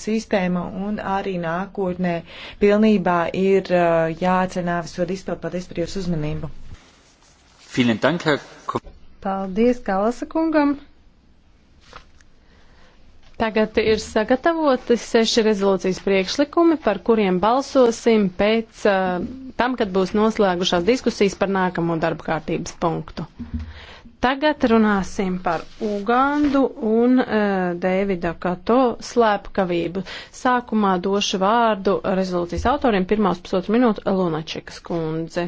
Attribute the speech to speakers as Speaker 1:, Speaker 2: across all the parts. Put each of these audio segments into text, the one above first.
Speaker 1: sistēma un arī nākotnē pilnībā ir uh, jācenā visot izpildu. Paldies par jūsu uzmanību. Paldies
Speaker 2: Kalasa kungam. Tagad ir sagatavoti seši rezolūcijas priekšlikumi, par kuriem balsosim pēc uh, tam, kad būs noslēgušās diskusijas par nākamo darba kārtības punktu. Tagad runāsim par Ugandu un uh, eh, Dēvida Kato slēpkavību. Sākumā došu vārdu rezolūcijas autoriem pirmās pusotru minūtu Lunačekas kundze.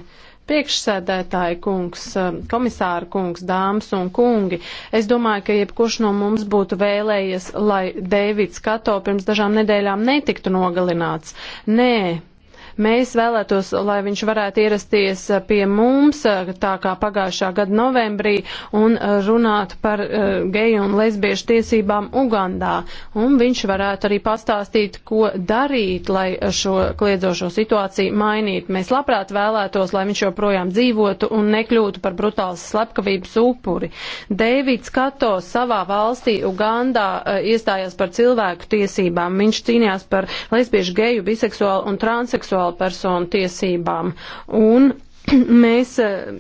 Speaker 2: Priekšsēdētāji kungs, eh, komisāra kungs, dāmas un kungi, es domāju, ka jebkurš no mums būtu vēlējies, lai Dēvids Kato pirms dažām nedēļām netiktu nogalināts. Nē, Mēs vēlētos, lai viņš varētu ierasties uh, pie mums, uh, tā kā pagājušā gada novembrī, un uh, runāt par geju un lesbiešu tiesībām Ugandā. Un viņš varētu arī pastāstīt, ko darīt, lai šo kliedzošo situāciju mainītu. Mēs labprāt vēlētos, lai viņš joprojām dzīvotu un nekļūtu par brutāls slepkavības upuri. Deivids Kato savā valstī Ugandā iestājās par cilvēku tiesībām. Viņš cīnījās par lesbiešu, geju, biseksuālu un transseksuālu seksuāla persona tiesībām un mēs eh,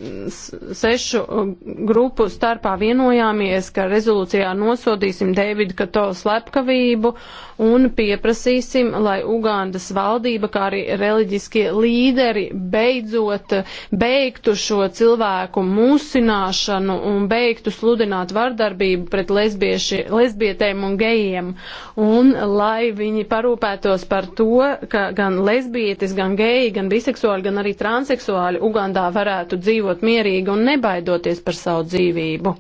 Speaker 2: sešu um, grupu starpā vienojāmies, ka rezolūcijā nosodīsim Deividu Kato slepkavību un pieprasīsim, lai Ugandas valdība, kā arī reliģiskie līderi, beidzot eh, beigtu šo cilvēku mūsināšanu un beigtu sludināt vardarbību pret lesbietēm un gejiem. Un lai viņi parūpētos par to, ka gan lesbietis, gan geji, gan biseksuāli, gan arī transseksuāli Ugandā varētu dzīvot mierīgi un nebaidoties par savu dzīvību.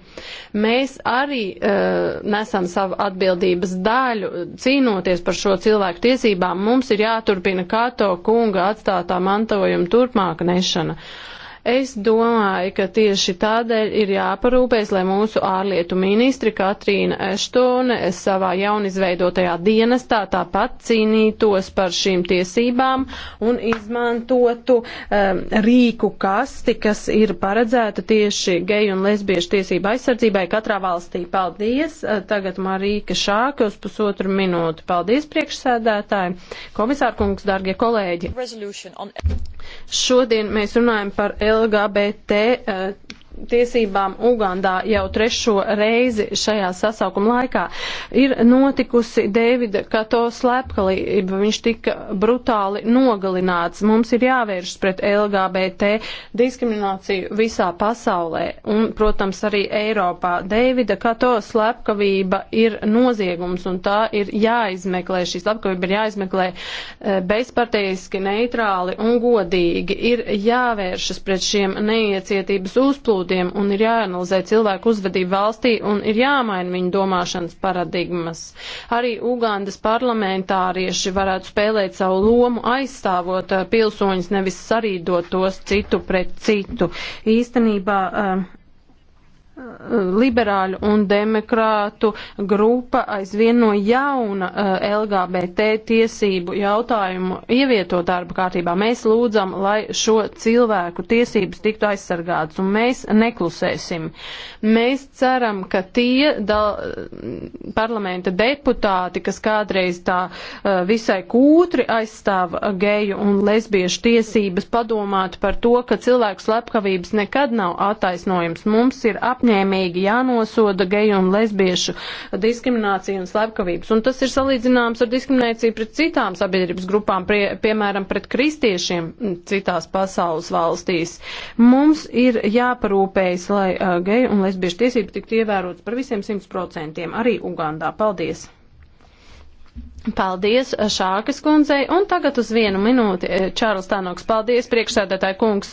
Speaker 2: Mēs arī uh, nesam savu atbildības daļu, cīnoties par šo cilvēku tiesībām. Mums ir jāturpina Kato kunga atstātā mantojuma turpmāka nešana. Uh, Es domāju, ka tieši tādēļ ir jāparūpēs, lai mūsu ārlietu ministri Katrīna Eštone savā jaunizveidotajā dienestā tāpat cīnītos par šīm tiesībām un izmantotu um, rīku kasti, kas ir paredzēta tieši geju un lesbiešu tiesību aizsardzībai katrā valstī. Paldies! Uh, tagad Marīka Šāka uz pusotru minūti. Paldies, priekšsēdētāji! Komisārkungs, dargie kolēģi!
Speaker 3: Resolution on...
Speaker 2: Šodien mēs runājam par LGBT eh, tiesībām Ugandā jau trešo reizi šajā sasaukuma laikā ir notikusi Dēvida Kato slepkalība. Viņš tika brutāli nogalināts. Mums ir jāvēršas pret LGBT diskrimināciju visā pasaulē un, protams, arī Eiropā. Dēvida Kato slepkavība ir noziegums un tā ir jāizmeklē. Šī slepkavība ir jāizmeklē eh, bezparteiski, neitrāli un godīgi. Ir jāvēršas pret šiem neiecietības uzplūdiem draudiem un ir jāanalizē cilvēku uzvedību valstī un ir jāmaina viņu domāšanas paradigmas. Arī Ugandas parlamentārieši varētu spēlēt savu lomu aizstāvot uh, pilsoņus, nevis sarīdot tos citu pret citu. Īstenībā, uh, liberāļu un demokrātu grupa aizvien no jauna eh, LGBT tiesību jautājumu ievieto darba kārtībā. Mēs lūdzam, lai šo cilvēku tiesības tiktu aizsargātas, un mēs neklusēsim. Mēs ceram, ka tie dal, parlamenta deputāti, kas kādreiz tā eh, visai kūtri aizstāv geju un lesbiešu tiesības, padomātu par to, ka cilvēku slepkavības nekad nav attaisnojums. Mums ir apņēmības apņēmīgi jānosoda geju un lesbiešu diskrimināciju un slepkavības. Un tas ir salīdzināms ar diskrimināciju pret citām sabiedrības grupām, prie, piemēram, pret kristiešiem citās pasaules valstīs. Mums ir jāparūpējas, lai uh, geju un lesbiešu tiesības tiktu ievērotas par visiem 100%, arī Ugandā. Paldies! Paldies eh, Šākas kundzei, un tagad uz vienu minūti eh, Čārls Tānoks. Paldies, priekšsēdētāji kungs.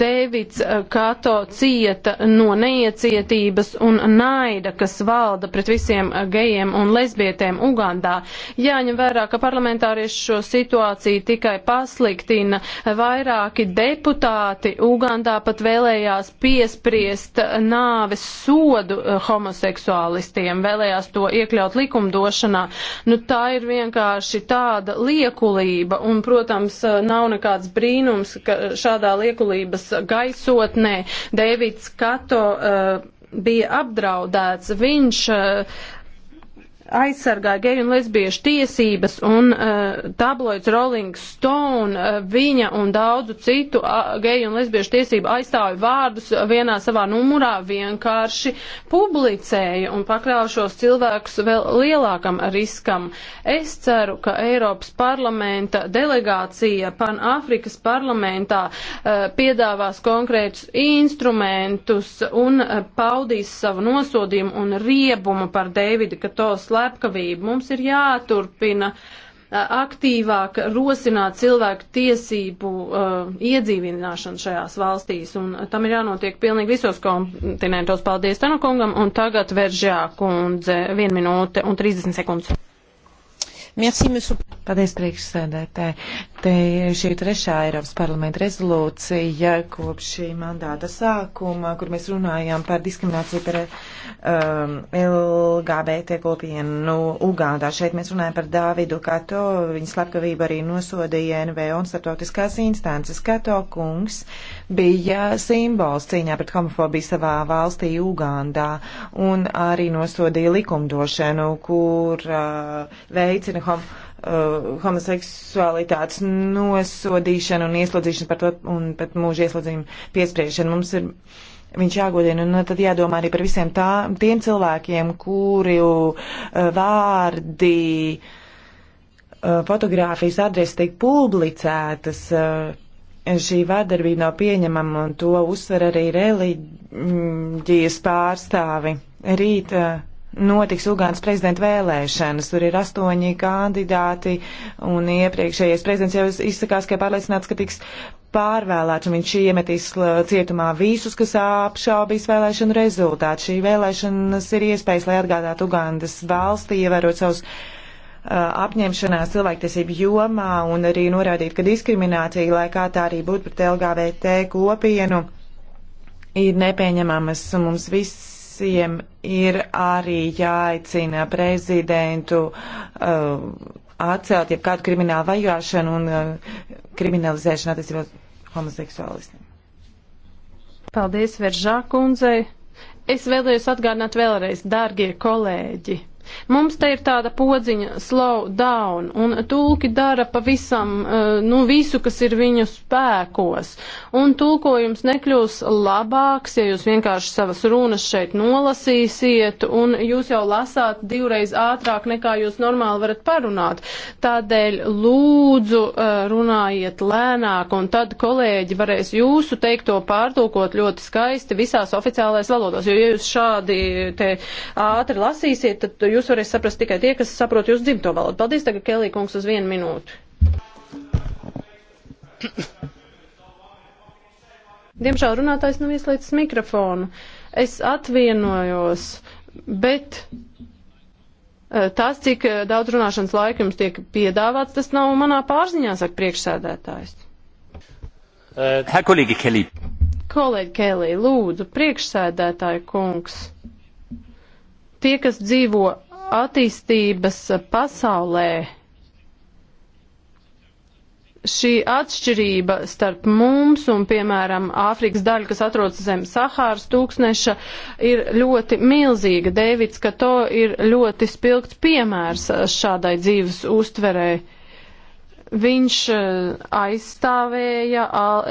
Speaker 2: Dēvids eh, Kato cieta no neiecietības un naida, kas valda pret visiem gejiem un lesbietēm Ugandā. Jāņem vērā, ka parlamentārieši šo situāciju tikai pasliktina. Vairāki deputāti Ugandā pat vēlējās piespriest nāves sodu homoseksuālistiem, vēlējās to iekļaut likumdošanā. Nu, ir vienkārši tāda liekulība, un, protams, nav nekāds brīnums, ka šādā liekulības gaisotnē Dēvids Kato uh, bija apdraudēts. Viņš uh, aizsargāja geju un lesbiešu tiesības, un uh, tabloids Rolling Stone uh, viņa un daudzu citu uh, geju un lesbiešu tiesību aizstāju vārdus vienā savā numurā vienkārši publicēja un pakļāva šos cilvēkus vēl lielākam riskam. Es ceru, ka Eiropas parlamenta delegācija Pan-Afrikas parlamentā uh, piedāvās konkrētus instrumentus un uh, paudīs savu nosodījumu un riebumu par Deivida Katos slepkavību. Mums ir jāturpina aktīvāk rosināt cilvēku tiesību uh, iedzīvināšanu šajās valstīs, un tam ir jānotiek pilnīgi visos kontinentos. Paldies Tanukungam, un tagad veržā kundze 1 minūte un 30 sekundes.
Speaker 1: Merci, monsieur. Paldies, priekšsēdētāji. Te šī trešā Eiropas parlamenta rezolūcija kopš šī mandāta sākuma, kur mēs runājām par diskrimināciju par um, LGBT kopienu Ugādā. Šeit mēs runājam par Dāvidu Kato, viņa slepkavību arī nosodīja NVO un starptautiskās instances. Kato kungs bija simbols cīņā pret homofobiju savā valstī Ugandā un arī nosodīja likumdošanu, kur uh, veicina homofobiju uh, homoseksualitātes nosodīšanu un ieslodzīšanu par to un pat mūža ieslodzījumu piespriešanu. Mums ir viņš jāgodina un uh, tad jādomā arī par visiem tā, tiem cilvēkiem, kuri uh, vārdi, uh, fotogrāfijas adresi tiek publicētas. Uh, šī vārdarbība nav pieņemama, un to uzsver arī reliģijas pārstāvi. Rīt uh, notiks Ugānas prezidenta vēlēšanas. Tur ir astoņi kandidāti, un iepriekšējais prezidents jau izsakās, ka pārliecināts, ka tiks pārvēlēts, un viņš iemetīs uh, cietumā visus, kas apšaubīs vēlēšanu rezultātu. Šī vēlēšanas ir iespējas, lai atgādātu Ugandas valsti, ievērot savus uh, apņemšanās cilvēktiesību jomā un arī norādīt, ka diskriminācija, lai kā tā arī būtu pret LGBT kopienu, ir nepieņemamas. Mums viss visiem ir arī jāicina prezidentu uh, atcelt jau kādu kriminālu vajāšanu un uh, kriminalizēšanu attiecībā homoseksuālistiem.
Speaker 2: Paldies, Veržā kundzei! Es vēlējos atgādināt vēlreiz, dārgie kolēģi, Mums te ir tāda podziņa slow down, un tulki dara pavisam, eh, nu, visu, kas ir viņu spēkos. Un tulkojums nekļūs labāks, ja jūs vienkārši savas runas šeit nolasīsiet, un jūs jau lasāt divreiz ātrāk, nekā jūs normāli varat parunāt. Tādēļ lūdzu eh, runājiet lēnāk, un tad kolēģi varēs jūsu teikto pārtulkot ļoti skaisti visās oficiālais valodās, jo ja jūs šādi te ātri lasīsiet, tad jūs jūs varēs saprast tikai tie, kas saprot jūsu dzimto valodu. Paldies tagad, Kelī kungs, uz vienu minūti. Diemžēl runātājs nav ieslēdzis mikrofonu. Es atvienojos, bet eh, tas, cik eh, daudz runāšanas laika jums tiek piedāvāts, tas nav manā pārziņā, saka priekšsēdētājs.
Speaker 3: Eh, Herr
Speaker 1: Kollege Kelly.
Speaker 2: Kolēģi Kelly, lūdzu, priekšsēdētāja kungs tie, kas dzīvo attīstības pasaulē šī atšķirība starp mums un, piemēram, Āfrikas daļu, kas atrodas zem Sahāras tūkstneša, ir ļoti milzīga. Dēvids, ka to ir ļoti spilgts piemērs šādai dzīves uztverēji viņš eh, aizstāvēja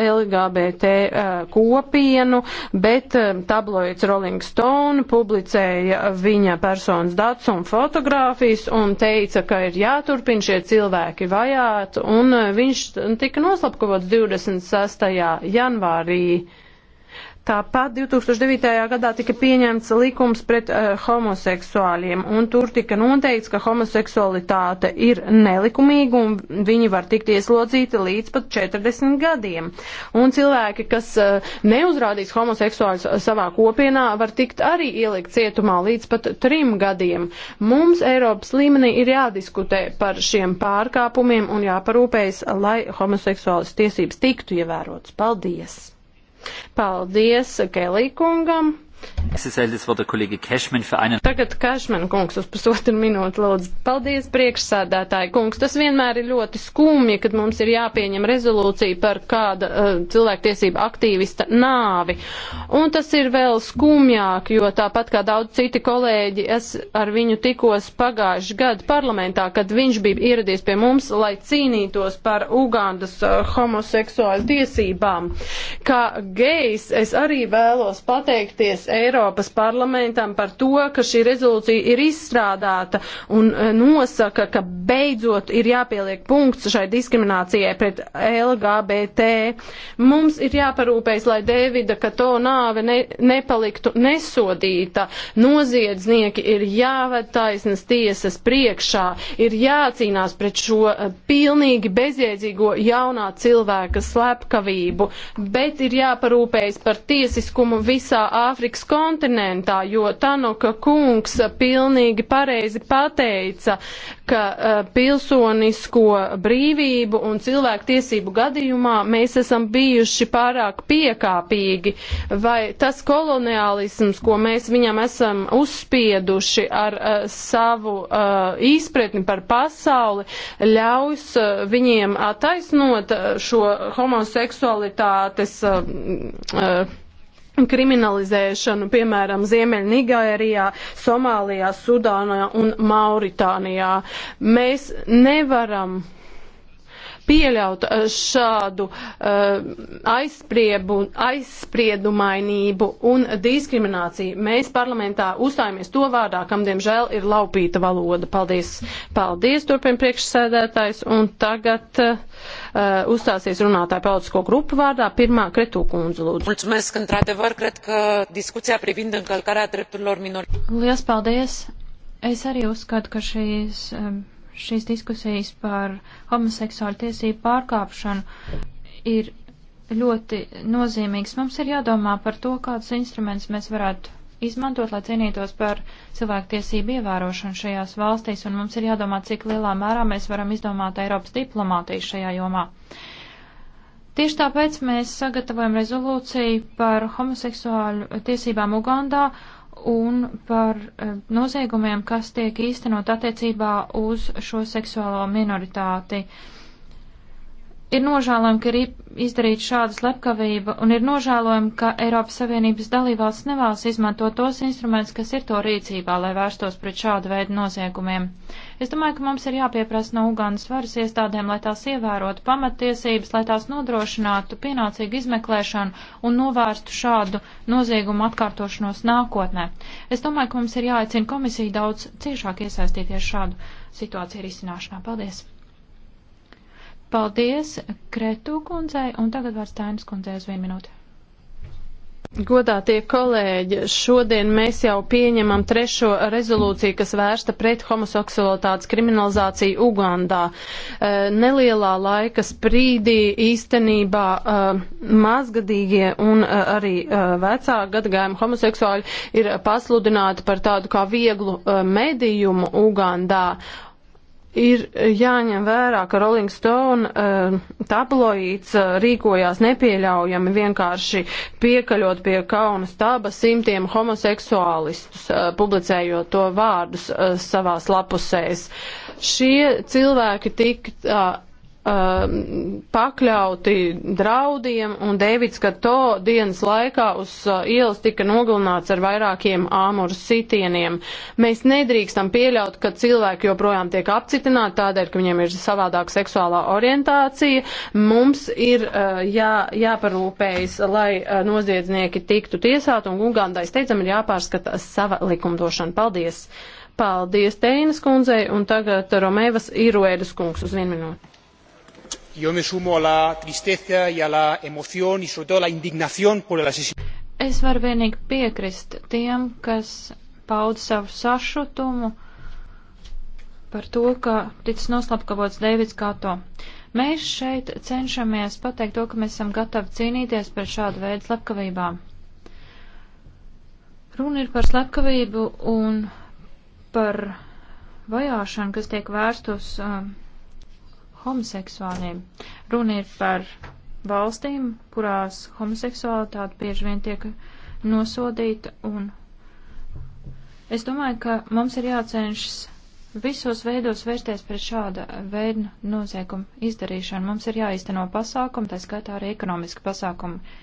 Speaker 2: LGBT eh, kopienu, bet eh, tabloids Rolling Stone publicēja viņa personas datus un fotogrāfijas un teica, ka ir jāturpina šie cilvēki vajāt, un viņš tika noslapkavots 26. janvārī. Tāpat 2009. gadā tika pieņemts likums pret uh, homoseksuāļiem, un tur tika noteikts, ka homoseksualitāte ir nelikumīga, un viņi var tikt ieslodzīti līdz pat 40 gadiem. Un cilvēki, kas uh, neuzrādīs homoseksuāļus eh, savā kopienā, var tikt arī ielikt cietumā līdz pat trim gadiem. Mums Eiropas līmenī ir jādiskutē par šiem pārkāpumiem un jāparūpējas, lai homoseksuālas tiesības tiktu ievērotas. Paldies! Paldies Kelī kungam! Tagad Kešmen kungs uz pusotru minūtu lūdzu. Paldies, priekšsādātāji kungs. Tas vienmēr ir ļoti skumji, kad mums ir jāpieņem rezolūcija par kāda uh, cilvēktiesība aktīvista nāvi. Un tas ir vēl skumjāk, jo tāpat kā daudz citi kolēģi, es ar viņu tikos pagājuši gadu parlamentā, kad viņš bija ieradies pie mums, lai cīnītos par Ugandas uh, eh, homoseksuālu tiesībām. Kā gejs es arī vēlos pateikties Eiropas. Eiropas parlamentam par to, ka šī rezolūcija ir izstrādāta un e, nosaka, ka beidzot ir jāpieliek punkts šai diskriminācijai pret LGBT. Mums ir jāparūpējas, lai Dēvida Kato nāve ne, nepaliktu nesodīta. Noziedznieki ir jāved taisnas tiesas priekšā, ir jācīnās pret šo e, pilnīgi bezjēdzīgo jaunā cilvēka slepkavību, bet ir jāparūpējas par tiesiskumu visā Āfrikas kontinentā kontinentā, jo Tanuka kungs pilnīgi pareizi pateica, ka uh, pilsonisko brīvību un cilvēktiesību gadījumā mēs esam bijuši pārāk piekāpīgi, vai tas koloniālisms, ko mēs viņam esam uzspieduši ar uh, savu uh, izpratni par pasauli, ļaus uh, viņiem attaisnot uh, šo homoseksualitātes. Uh, uh, kriminalizēšanu, piemēram, Ziemeļnigērijā, Somālijā, Sudānā un Mauritānijā. Mēs nevaram pieļaut eh, šādu eh, aizspriebu, aizspriedumainību un diskrimināciju. Mēs parlamentā uzstājamies to vārdā, kam diemžēl ir laupīta valoda. Paldies! Paldies, turpin priekšsēdētājs, un tagad uh, uzstāsies runātāja politisko grupu vārdā. Pirmā Kretūkundze, lūdzu. Mulțumesc, într-adevăr, cred că discuția privind încălcarea drepturilor minorităților.
Speaker 3: Lielas paldies! Es arī uzskatu, ka šīs. Um, šīs diskusijas par homoseksuālu tiesību pārkāpšanu ir ļoti nozīmīgs. Mums ir jādomā par to, kādus instrumentus mēs varētu izmantot, lai cīnītos par cilvēktiesību ievērošanu šajās valstīs, un mums ir jādomā, cik lielā mērā mēs varam izdomāt Eiropas diplomātiju šajā jomā. Tieši tāpēc mēs sagatavojam rezolūciju par homoseksuāļu tiesībām Ugandā, un par eh, noziegumiem, kas tiek īstenot attiecībā uz šo seksuālo minoritāti. Ir nožēlojami, ka ir izdarīta šāda slepkavība, un ir nožēlojami, ka Eiropas Savienības dalībvalsts nevēlas izmantot tos instrumentus, kas ir to rīcībā, lai vērstos pret šādu veidu noziegumiem. Uh, Es domāju, ka mums ir jāpieprasa no Ugandas varas iestādēm, lai tās ievērotu pamatiesības, lai tās nodrošinātu pienācīgu izmeklēšanu un novērstu šādu noziegumu atkārtošanos nākotnē. Es domāju, ka mums ir jāaicina komisija daudz ciešāk iesaistīties šādu situāciju risināšanā. Paldies! Paldies Kretu kundzei un tagad vārds Tainas kundzei uz vienu minūti.
Speaker 2: Godātie kolēģi, šodien mēs jau pieņemam trešo rezolūciju, kas vērsta pret homoseksualitātes kriminalizāciju Ugandā. Eh, nelielā laika sprīdī īstenībā eh, mazgadīgie un eh, arī vecā gadagājuma homoseksuāļi ir pasludināti par tādu kā vieglu medijumu Ugandā ir eh, jāņem vērā, ka Rolling Stone uh, tabloīds uh, rīkojās nepieļaujami vienkārši piekaļot pie kaunas taba simtiem homoseksuālistus, uh, publicējot to vārdus uh, savās lapusēs. Šie cilvēki tika. Uh, Um, pakļauti draudiem, un Dēvids Kato dienas laikā uz uh, ielas tika nogalināts ar vairākiem āmuru sitieniem. Mēs nedrīkstam pieļaut, ka cilvēki joprojām tiek apcitināti tādēļ, ka viņiem ir savādāk seksuālā orientācija. Mums ir uh, jā, jāparūpējas, lai uh, noziedznieki tiktu tiesāti, un Ugandai steidzam ir jāpārskata sava likumdošana. Paldies! Paldies Teinas kundzei, un tagad Romēvas Iruēdas kungs
Speaker 1: uz vienu minūti yo me sumo a la tristeza y a la emoción y sobre todo a la indignación por el asesinato.
Speaker 3: Es varu vienīgi piekrist tiem, kas paud savu sašutumu par to, ka ticis noslapkavots Deivids Kato. Mēs šeit cenšamies pateikt to, ka mēs esam gatavi cīnīties par šādu veidu slepkavībām. Runa ir par slepkavību un par vajāšanu, kas tiek vērst uz um, homoseksuāļiem. Runa ir par valstīm, kurās homoseksualitāte bieži vien tiek nosodīta, un es domāju, ka mums ir jācenšas visos veidos vērsties pret šāda veida noziegumu izdarīšanu. Mums ir jāizteno pasākumi, tā skaitā arī ekonomiski pasākumi.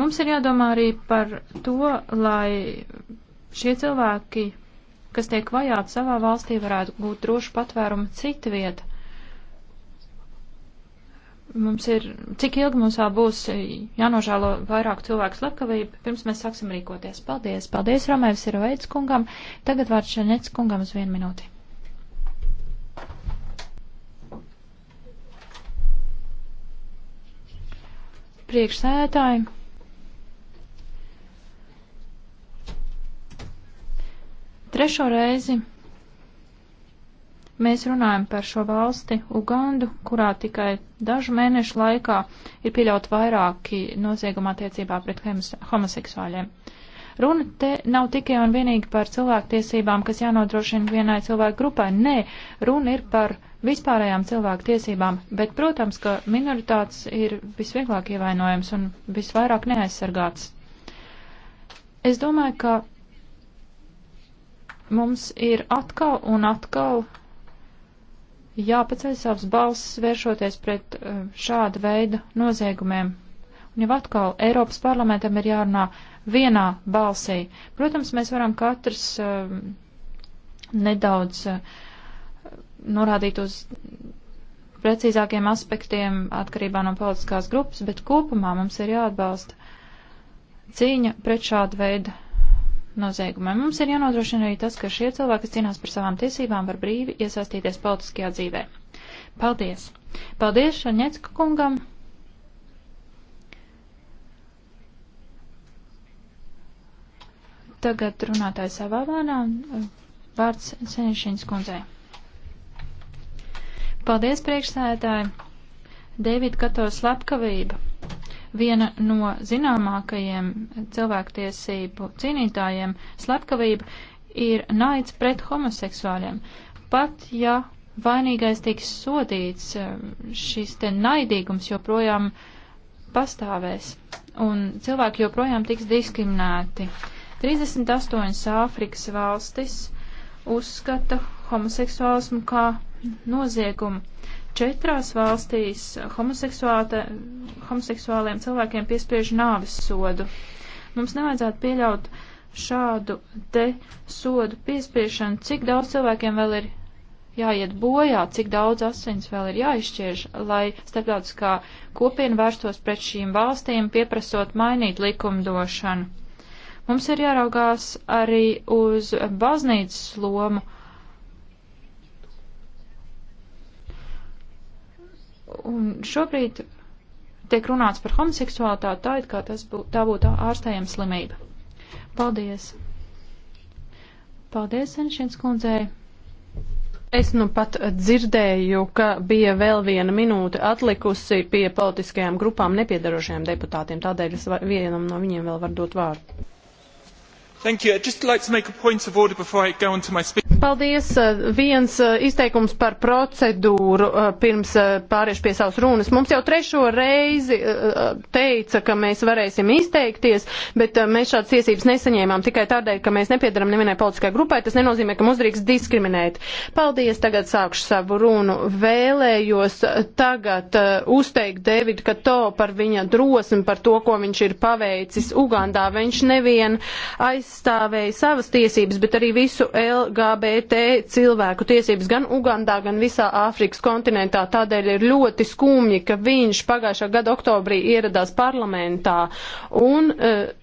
Speaker 3: Mums ir jādomā arī par to, lai šie cilvēki, kas tiek vajāti savā valstī, varētu būt droši patvērumi cita vieta. Mums ir, cik ilgi mums vēl būs jānožēlo vairāk cilvēku slepkavību, pirms mēs sāksim rīkoties. Paldies, paldies Romēvis ir veids kungam. Tagad vārds Šenets kungam uz vienu minūti. Priekšsēdētāji. Trešo reizi mēs runājam par šo valsti Ugandu, kurā tikai dažu mēnešu laikā ir pieļaut vairāki nozieguma attiecībā pret homoseksuāļiem. Runa te nav tikai un vienīgi par cilvēktiesībām, kas jānodrošina vienai cilvēku grupai. Nē, runa ir par vispārējām cilvēku tiesībām, bet, protams, ka minoritātes ir visvieglāk ievainojams un visvairāk neaizsargāts. Es domāju, ka mums ir atkal un atkal jāpaceļ savas balsis, vēršoties pret eh, šāda veida noziegumiem. Un jau atkal Eiropas parlamentam ir jārunā vienā balsī. Protams, mēs varam katrs eh, nedaudz eh, norādīt uz precīzākiem aspektiem atkarībā no politiskās grupas, bet kopumā mums ir jāatbalsta cīņa pret šādu veidu noziegumiem. Mums ir jānodrošina arī tas, ka šie cilvēki, kas cīnās par savām tiesībām, var brīvi iesaistīties politiskajā dzīvē. Paldies! Paldies Šaņecka kungam! Tagad runātāji savā vārdā. Vārds Senišķiņas kundzei. Paldies priekšsēdētāji! Dēvida Kato slepkavība viena no zināmākajiem cilvēktiesību cīnītājiem slepkavība ir naids pret homoseksuāļiem. Pat ja vainīgais tiks sodīts, šis te naidīgums joprojām pastāvēs un cilvēki joprojām tiks diskriminēti. 38 Āfrikas valstis uzskata homoseksuālismu kā noziegumu. Četrās valstīs homoseksuāliem cilvēkiem piespiež nāvis sodu. Mums nevajadzētu pieļaut šādu te sodu piespiešanu, cik daudz cilvēkiem vēl ir jāiet bojā, cik daudz asins vēl ir jāizšķiež, lai starptautiskā kopiena vērstos pret šīm valstīm, pieprasot mainīt likumdošanu. Mums ir jāraugās arī uz baznīcas lomu Un šobrīd tiek runāts par homoseksualitāti tā, it kā tas būtu, tā būtu ārstējama slimība. Paldies! Paldies, Senšins kundzei! Es nu pat dzirdēju, ka bija
Speaker 2: vēl viena minūte atlikusi pie politiskajām grupām nepiedarošajiem deputātiem, tādēļ es vienam no viņiem vēl varu dot vārdu. Paldies. Uh, viens uh, izteikums par procedūru uh, pirms pāriešu pie savas runas. Mums jau trešo reizi teica, ka mēs varēsim izteikties, bet mēs šādas tiesības nesaņēmām tikai tādēļ, ka mēs nepiedaram nevienai politiskai grupai. Tas nenozīmē, ka mūs drīkst diskriminēt. Paldies. Tagad sākšu savu runu. Vēlējos tagad uzteikt Davidu Kato par viņa drosmi, par to, ko viņš ir paveicis Ugandā. Viņš nevien aiz aizstāvēja savas tiesības, bet arī visu LGBT cilvēku tiesības gan Ugandā, gan visā Āfrikas kontinentā. Tādēļ ir ļoti skumji, ka viņš pagājušā gada oktobrī ieradās parlamentā un uh, eh,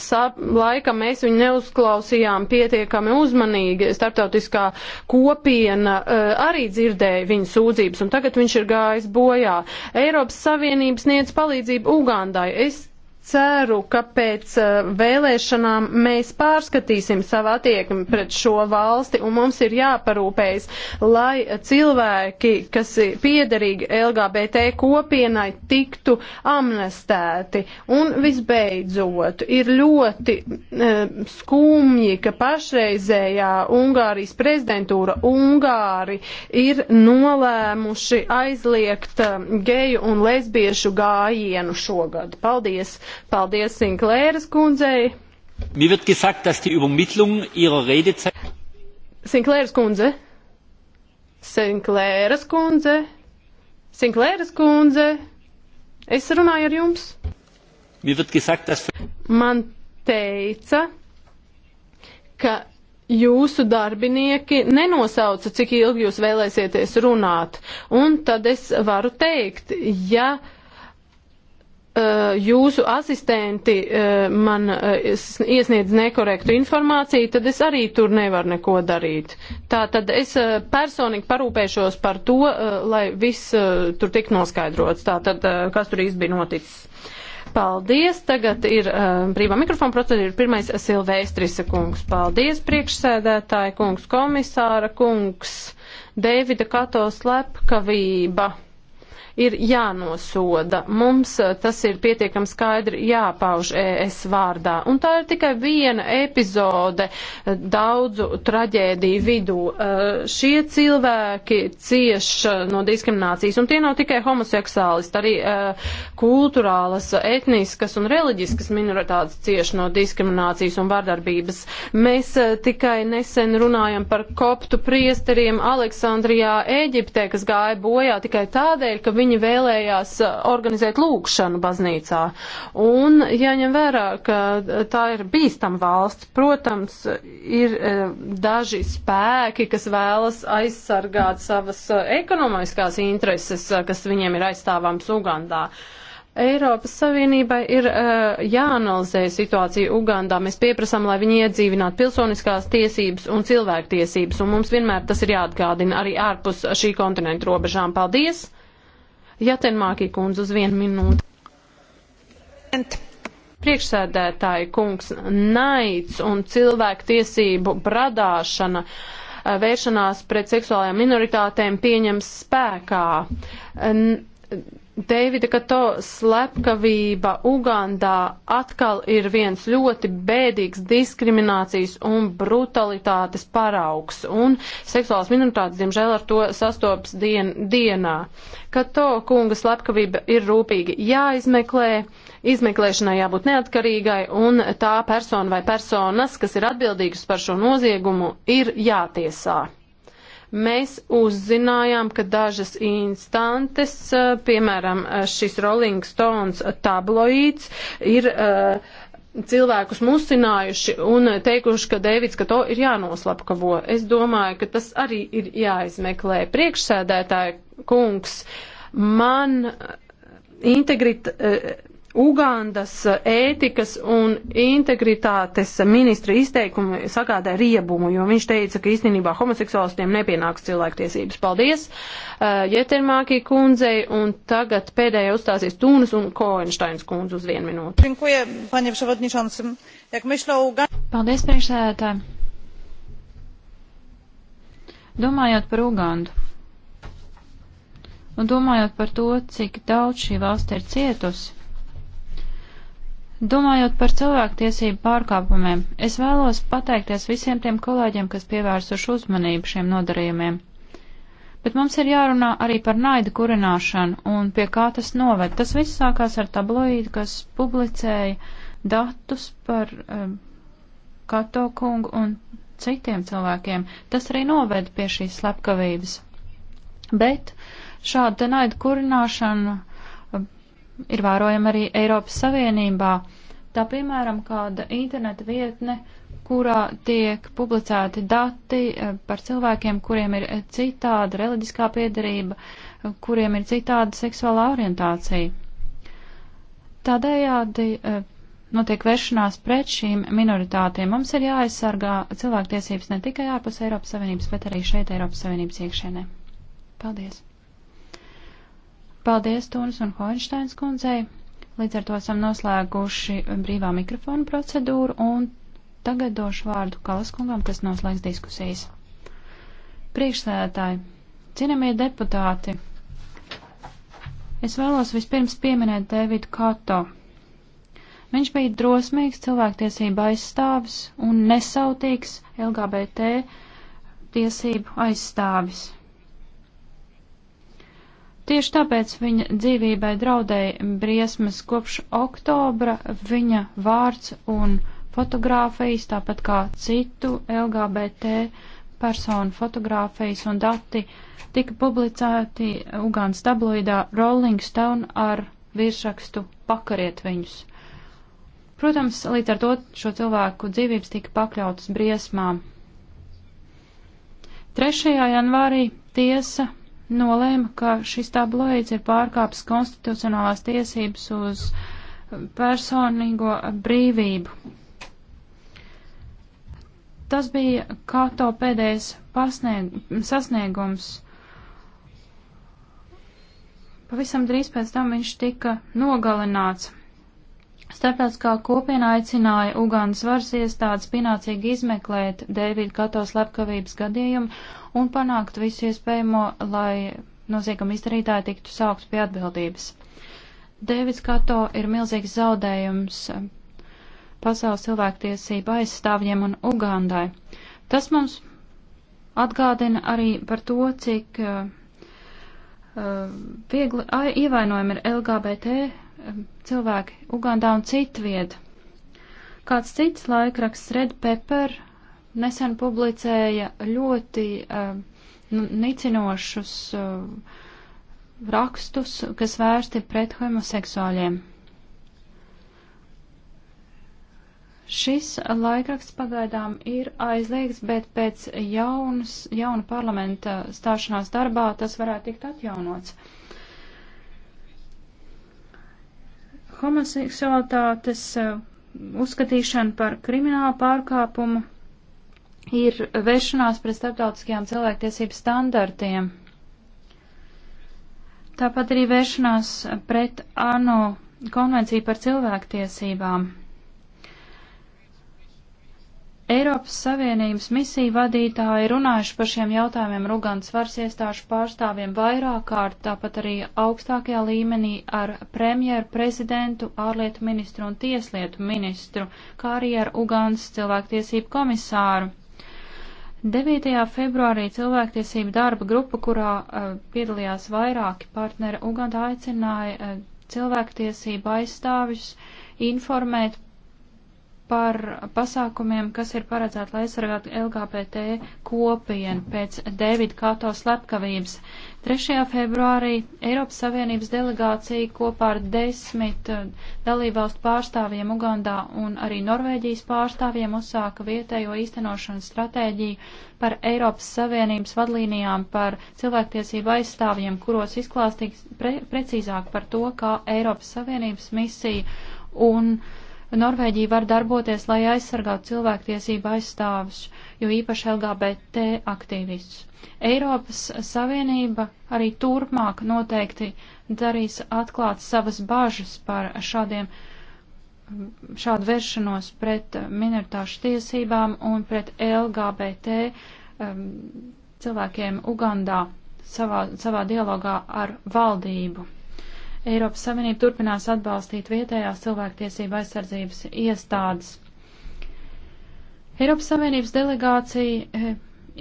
Speaker 2: Sap, laika mēs viņu neuzklausījām pietiekami uzmanīgi. Startautiskā kopiena uh, arī dzirdēja viņa sūdzības, un tagad viņš ir gājis bojā. Eiropas Savienības sniedz palīdzību Ugandai. Es ceru, ka pēc eh, vēlēšanām mēs pārskatīsim savu attieksmi pret šo valsti un mums ir jāparūpējas, lai cilvēki, kas ir piederīgi LGBT kopienai, tiktu amnestēti. Un visbeidzot, ir ļoti e, skumji, ka pašreizējā Ungārijas prezidentūra Ungāri ir nolēmuši aizliegt eh, geju un lesbiešu gājienu šogad. Paldies! Paldies Sinklēras kundzei.
Speaker 3: Mir wird gesagt, dass die Übermittlung ihrer Redezeit.
Speaker 2: Sinklēras kundze. Sinklēras kundze. Sinklēras kundze. Es runāju ar jums.
Speaker 3: Mir wird gesagt, dass.
Speaker 2: Man teica, ka jūsu darbinieki nenosauca, cik ilgi jūs vēlēsieties runāt. Un tad es varu teikt, ja Eh, jūsu asistenti eh, man eh, iesniedz nekorektu informāciju, tad es arī tur nevaru neko darīt. Tā tad es personīgi parūpēšos par to, lai viss tur tik noskaidrots, tā tad kas tur īsti bija noticis. Paldies, tagad ir brīvā mikrofona procedūra, pirmais Silvēstrisa kungs. Paldies, priekšsēdētāji kungs, komisāra kungs, Dēvida Kato slepkavība ir jānosoda. Mums eh, tas ir pietiekami skaidri jāpauž ES vārdā. Un tā ir tikai viena epizode eh, daudzu traģēdiju vidū. Eh, šie cilvēki cieš no diskriminācijas, un tie nav tikai homoseksuālisti, arī kultūrālas, etniskas un reliģiskas minoritātes cieš no diskriminācijas un vardarbības. Mēs tikai nesen runājam par koptu priesteriem Aleksandrijā, Eģiptē, kas gāja bojā tikai tādēļ, ka Viņi vēlējās eh, organizēt lūgšanu baznīcā. Un jāņem ja vērā, ka eh, tā ir bīstama valsts. Protams, ir eh, daži spēki, kas vēlas aizsargāt savas ekonomiskās intereses, kas viņiem ir aizstāvāms Ugandā. Eiropas Savienībai ir uh, jāanalizē situācija Ugandā. Mēs pieprasām, lai viņi iedzīvinātu pilsoniskās tiesības un cilvēktiesības, un mums vienmēr tas ir jāatgādina arī ārpus šī kontinentu robežām. Paldies! Jatenmākī kundze uz vienu minūti. And priekšsēdētāji kungs, naids un cilvēktiesību bradāšana eh, vēršanās pret seksuālajām minoritātēm pieņems spēkā. Deivida Kato slepkavība Ugandā atkal ir viens ļoti bēdīgs diskriminācijas un brutalitātes paraugs, un seksuāls minoritātes, diemžēl, ar to sastopas dien, dienā. Kato kunga slepkavība ir rūpīgi jāizmeklē, izmeklēšanai jābūt neatkarīgai, un tā persona vai personas, kas ir atbildīgas par šo noziegumu, ir jātiesā mēs uzzinājām, ka dažas instantes, eh, piemēram, eh, šis Rolling Stones tabloīds, ir uh, cilvēkus musinājuši un teikuši, ka Dēvids, ka to ir jānoslapkavo. Es domāju, ka tas arī ir jāizmeklē. Priekšsēdētāja kungs, man integrit, Ugandas eh, ētikas un integritātes eh, ministra izteikumi sagādāja riebumu, jo viņš teica, ka īstenībā homoseksuālistiem nepienāks cilvēktiesības. Paldies uh, eh, Jetermākī kundzei, un tagad pēdējā uzstāsies Tūnas un Koenštains kundze uz vienu minūti.
Speaker 3: Paldies, priekšsēdētāji. Domājot par Ugandu. Un domājot par to, cik daudz šī valsts ir cietusi, Domājot par cilvēktiesību pārkāpumiem, es vēlos pateikties visiem tiem kolēģiem, kas pievērsuši uzmanību šiem nodarījumiem. Bet mums ir jārunā arī par naida kurināšanu un pie kā tas noved. Tas viss sākās ar tabloīdu, kas publicēja datus par um, Kato kungu un citiem cilvēkiem. Tas arī noved pie šīs slepkavības. Bet šāda naida kurināšana ir vērojama arī Eiropas Savienībā. Tā piemēram, kāda interneta vietne, kurā tiek publicēti dati eh, par cilvēkiem, kuriem ir citāda reliģiskā piedarība, kuriem ir citāda seksuālā orientācija. Tādējādi eh, notiek vēršanās pret šīm minoritātēm. Mums ir jāaizsargā cilvēktiesības ne tikai ārpus Eiropas Savienības, bet arī šeit Eiropas Savienības iekšēnē. Paldies! Paldies Tunis un Hoņšteins kundzei. Līdz ar to esam noslēguši brīvā mikrofona procedūru un tagad došu vārdu Kalaskungam, kas noslēgs diskusijas. Priekšsēdētāji, cienamie deputāti, es vēlos vispirms pieminēt Dēvidu Kato. Viņš bija drosmīgs cilvēktiesība aizstāvis un nesautīgs LGBT tiesību aizstāvis. Tieši tāpēc viņa dzīvībai draudēja briesmas kopš oktobra, viņa vārds un fotogrāfijas, tāpat kā citu LGBT personu fotogrāfijas un dati tika publicēti Ugāns tabloidā Rolling Stone ar virsrakstu Pakariet viņus. Protams, līdz ar to šo cilvēku dzīvības tika pakļautas briesmām. 3. janvārī tiesa nolēma, ka šis tabloids ir pārkāpis konstitucionālās tiesības uz personīgo brīvību. Tas bija Kato pēdējais pasnieg, sasniegums. Pavisam drīz pēc tam viņš tika nogalināts. Starptautiskā kopiena aicināja Ugandas varas iestādes pienācīgi izmeklēt Dēvida Kato slepkavības gadījumu un panākt visu iespējamo, lai nozieguma izdarītāji tiktu saukt pie atbildības. Dēvids Kato ir milzīgs zaudējums pasaules cilvēktiesību aizstāvjiem un Ugandai. Tas mums atgādina arī par to, cik uh, uh viegli ievainojami ir LGBT cilvēki Ugandā un citvied. Kāds cits laikraksts Red Pepper nesen publicēja ļoti uh, nicinošus uh, rakstus, kas vērsti pret homoseksuāļiem. Šis laikraksts pagaidām ir aizliegts, bet pēc jaunas, jauna parlamenta stāšanās darbā tas varētu tikt atjaunots. Uh, homoseksualitātes eh, uzskatīšana par kriminālu pārkāpumu ir vēršanās pret starptautiskajām cilvēktiesību standartiem. Tāpat arī vēršanās pret ANO konvenciju par cilvēktiesībām. Eiropas Savienības misiju vadītāji runājuši par šiem jautājumiem Rugans varas iestāžu pārstāvjiem vairāk kārt, tāpat arī augstākajā līmenī ar premjeru, prezidentu, ārlietu ministru un tieslietu ministru, kā arī ar Ugānas cilvēktiesību komisāru. 9. februārī cilvēktiesību darba grupa, kurā uh, piedalījās vairāki partneri, Uganda aicināja uh, cilvēktiesību aizstāvis informēt par pasākumiem, kas ir paredzēti, lai aizsargātu LGBT kopienu pēc Dēvida Kato slepkavības. 3. februārī Eiropas Savienības delegācija kopā ar desmit uh, dalībvalstu pārstāvjiem Ugandā un arī Norvēģijas pārstāvjiem uzsāka vietējo īstenošanas stratēģiju par Eiropas Savienības vadlīnijām par cilvēktiesību aizstāvjiem, kuros izklāstīts pre precīzāk par to, kā Eiropas Savienības misija un uh, Norvēģija var darboties, lai aizsargātu cilvēktiesību aizstāvus, jo īpaši LGBT aktīvistus. Eiropas Savienība arī turpmāk noteikti darīs atklāt savas bažas par šādiem šādu vēršanos pret minoritāšu tiesībām un pret LGBT um, cilvēkiem Ugandā savā, savā dialogā ar valdību. Eiropas Savienība turpinās atbalstīt vietējās cilvēktiesība aizsardzības iestādes. Eiropas Savienības delegācija eh,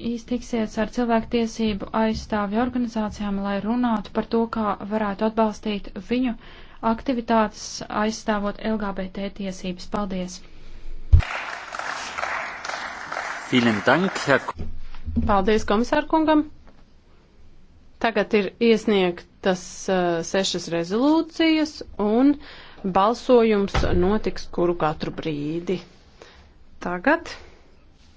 Speaker 3: iztiksies ar cilvēktiesību aizstāvju organizācijām, lai runātu par to, kā varētu atbalstīt viņu aktivitātes aizstāvot LGBT tiesības. Paldies!
Speaker 2: Paldies komisārkungam! Tagad ir iesniegtas uh, sešas rezolūcijas un balsojums notiks kuru katru brīdi. Tagad.